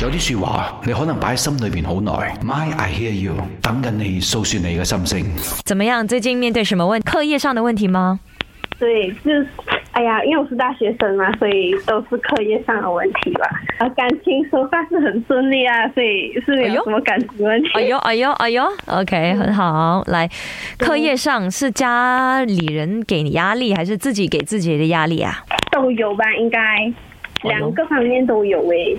有啲說話，你可能擺喺心裏邊好耐。May I hear you，等緊你訴說你嘅心聲。怎麼樣？最近面對什麼問題？課業上的問題嗎？對，就是，哎呀，因為我是大學生嘛，所以都是課業上的問題啦。啊，感情說話是很順利啊，所以是有什麼感情問題？哎呦，哎呦，哎呦，OK，、嗯、很好。來，課業上是家裏人給你壓力，還是自己給自己的壓力啊？都有吧，應該兩個方面都有誒、欸。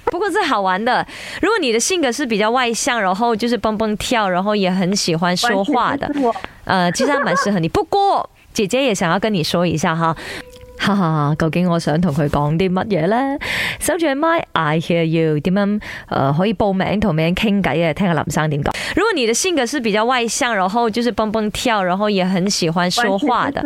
不過最好玩的，如果你的性格是比較外向，然後就是蹦蹦跳，然後也很喜歡說話的，呃，其實還蠻適合你。 不過姐姐也想要跟你說一下哈，哈哈哈，究竟我想同佢講啲乜嘢呢？收住咪 I hear you，點樣呃可以報名同人傾偈啊聽個林生點講？如果你的性格是比較外向，然後就是蹦蹦跳，然後也很喜歡說話的。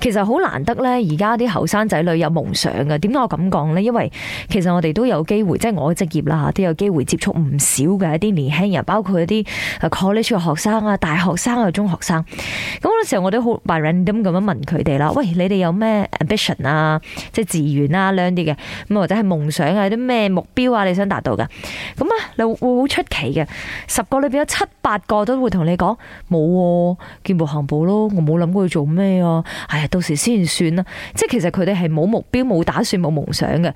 其實好難得咧，而家啲後生仔女有夢想㗎，點解我咁講呢？因為其實我哋都有機會，即係我職業啦，都有機會接觸唔少嘅一啲年輕人，包括一啲 college 學生啊、大學生啊、中學生。咁嘅時候，我都好 random 咁樣問佢哋啦。喂，你哋有咩 ambition 啊？即係志願啊？兩啲嘅咁或者係夢想啊？啲咩目標啊？你想達到噶？咁啊，你會好出奇嘅，十個裏邊有七八個都會同你講冇、喎，見步行步咯，我冇諗過要做咩啊！哎呀，到時先算啦。即係其實佢哋係冇目標、冇打算、冇夢想嘅。呢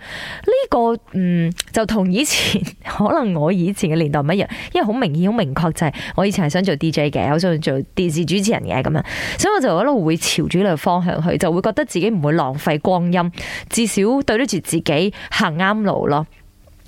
個嗯，就同以前可能我以前嘅年代唔一樣，因為好明顯、好明確就係我以前係想做 DJ 嘅，我想做電視主持人嘅咁樣，所以我就一路會朝住呢個方向去，就會覺得自己唔會浪費光陰，至少對得住自己行啱路咯。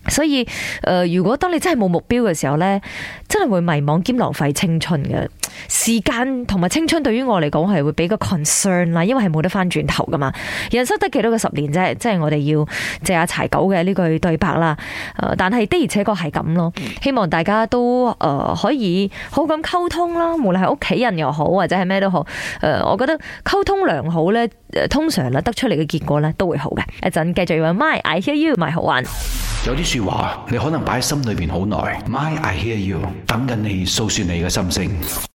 所以，誒、呃，如果當你真係冇目標嘅時候呢，真係會迷茫兼浪費青春嘅時間同埋青春。對於我嚟講係會俾個 concern 啦，因為係冇得翻轉頭噶嘛。人生得幾多個十年啫？即、就、係、是、我哋要借阿柴九嘅呢句對白啦。呃、但係的而且確係咁咯。希望大家都誒、呃、可以好咁溝通啦，無論係屋企人又好或者係咩都好。誒、呃，我覺得溝通良好呢，通常啦得出嚟嘅結果呢都會好嘅。一陣繼續要 My I hear you，My 好玩。說話，你可能擺喺心裏邊好耐。My I hear you，等緊你訴說你嘅心聲。